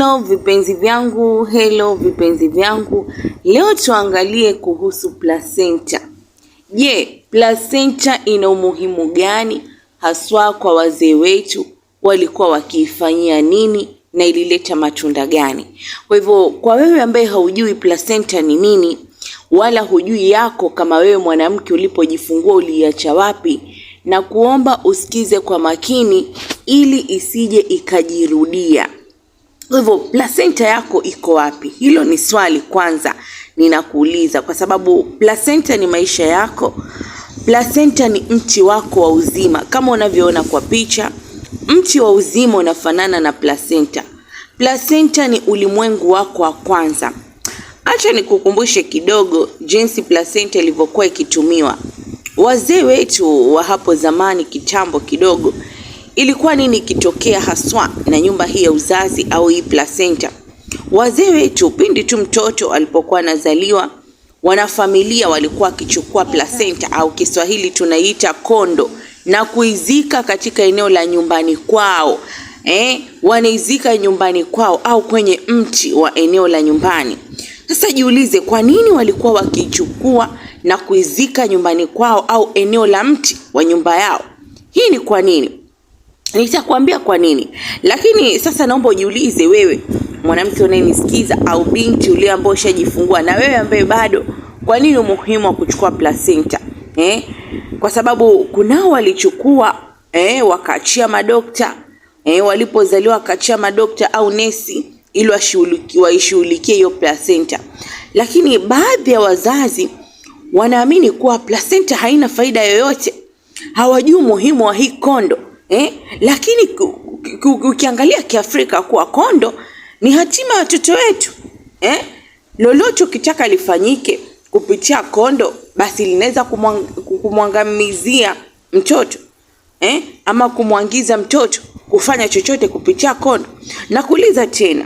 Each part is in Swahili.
Hello vipenzi vyangu, hello vipenzi vyangu, leo tuangalie kuhusu placenta. Je, placenta ina umuhimu gani haswa kwa wazee wetu? Walikuwa wakiifanyia nini na ilileta matunda gani? Kwa hivyo, kwa wewe ambaye haujui placenta ni nini, wala hujui yako kama wewe mwanamke ulipojifungua uliiacha wapi, na kuomba usikize kwa makini ili isije ikajirudia. Kwa hivyo placenta yako iko wapi? Hilo ni swali kwanza ninakuuliza, kwa sababu placenta ni maisha yako. Placenta ni mti wako wa uzima, kama unavyoona kwa picha, mti wa uzima unafanana na placenta. Placenta ni ulimwengu wako wa kwanza. Acha nikukumbushe kidogo jinsi placenta ilivyokuwa ikitumiwa. Wazee wetu wa hapo zamani kitambo kidogo ilikuwa nini ikitokea haswa na nyumba hii ya uzazi au hii placenta. Wazee wetu pindi tu mtoto alipokuwa anazaliwa, wanafamilia walikuwa wakichukua placenta au Kiswahili tunaiita kondo na kuizika katika eneo la nyumbani kwao. Eh, wanaizika nyumbani kwao au kwenye mti wa eneo la nyumbani. Sasa jiulize, kwa nini walikuwa wakichukua na kuizika nyumbani kwao au eneo la mti wa nyumba yao? Hii ni kwa nini? nitakwambia kwa nini. Lakini sasa naomba ujiulize wewe mwanamke unayenisikiza au binti ulio ambaye ushajifungua na wewe ambaye bado, kwa nini umuhimu wa kuchukua placenta eh? Kwa sababu kunao walichukua eh, wakaachia madokta eh, walipozaliwa wakaachia madokta au nesi ili waishughulikie hiyo placenta, lakini baadhi ya wazazi wanaamini kuwa placenta haina faida yoyote, hawajui umuhimu wa hii kondo eh? Lakini ukiangalia Kiafrika kuwa kondo ni hatima ya watoto wetu eh? Lolote ukitaka lifanyike kupitia kondo, basi linaweza kumwangamizia mtoto eh? Ama kumwangiza mtoto kufanya chochote kupitia kondo. Nakuuliza tena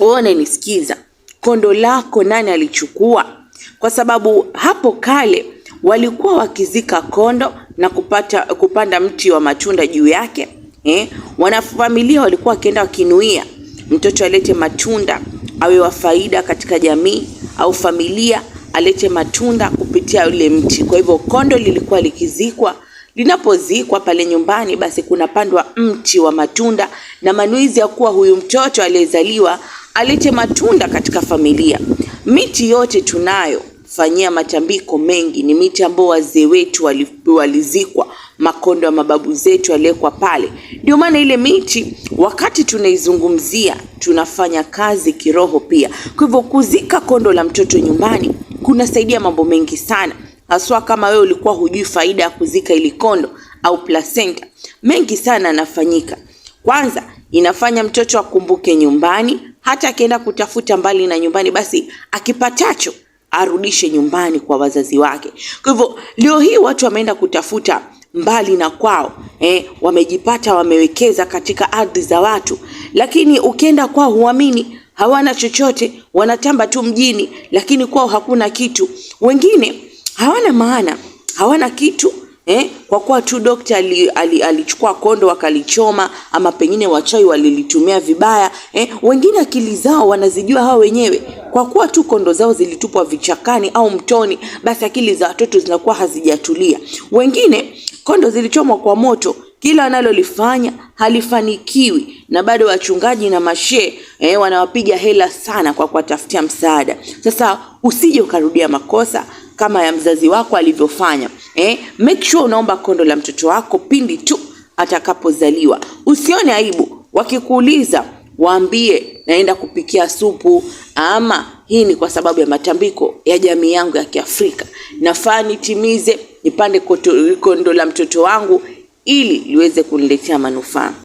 uone nisikiza, kondo lako nani alichukua? Kwa sababu hapo kale walikuwa wakizika kondo na kupata, kupanda mti wa matunda juu yake eh. Wanafamilia walikuwa wakienda wakinuia mtoto alete matunda awe wa faida katika jamii au familia alete matunda kupitia ule mti. Kwa hivyo kondo lilikuwa likizikwa, linapozikwa pale nyumbani, basi kunapandwa mti wa matunda na manuizi ya kuwa huyu mtoto aliyezaliwa alete matunda katika familia. Miti yote tunayo kufanyia matambiko mengi. Ni miti ambayo wazee wetu walizikwa, makondo ya mababu zetu yaliwekwa pale. Ndio maana ile miti wakati tunaizungumzia, tunafanya kazi kiroho pia. Kwa hivyo kuzika kondo la mtoto nyumbani kunasaidia mambo mengi sana, haswa kama wewe ulikuwa hujui faida ya kuzika ili kondo au placenta. Mengi sana yanafanyika. Kwanza inafanya mtoto akumbuke nyumbani, hata akienda kutafuta mbali na nyumbani, basi akipatacho arudishe nyumbani kwa wazazi wake. Kwa hivyo leo hii watu wameenda kutafuta mbali na kwao eh, wamejipata wamewekeza katika ardhi za watu, lakini ukienda kwao huamini hawana chochote, wanatamba tu mjini, lakini kwao hakuna kitu. Wengine hawana maana, hawana kitu eh, kwa kuwa tu dokta alichukua ali, ali kondo wakalichoma, ama pengine wachawi walilitumia vibaya eh. Wengine akili zao wanazijua hao wenyewe kwa kuwa tu kondo zao zilitupwa vichakani au mtoni, basi akili za watoto zinakuwa hazijatulia. Wengine kondo zilichomwa kwa moto, kila analolifanya halifanikiwi, na bado wachungaji na mashehe eh, wanawapiga hela sana kwa kuwatafutia msaada. Sasa usije ukarudia makosa kama ya mzazi wako alivyofanya. Eh, make sure unaomba kondo la mtoto wako pindi tu atakapozaliwa. Usione aibu, wakikuuliza waambie naenda kupikia supu ama hii ni kwa sababu ya matambiko ya jamii yangu ya Kiafrika. Nafaa nitimize, nipande kondo la mtoto wangu ili liweze kuniletea manufaa.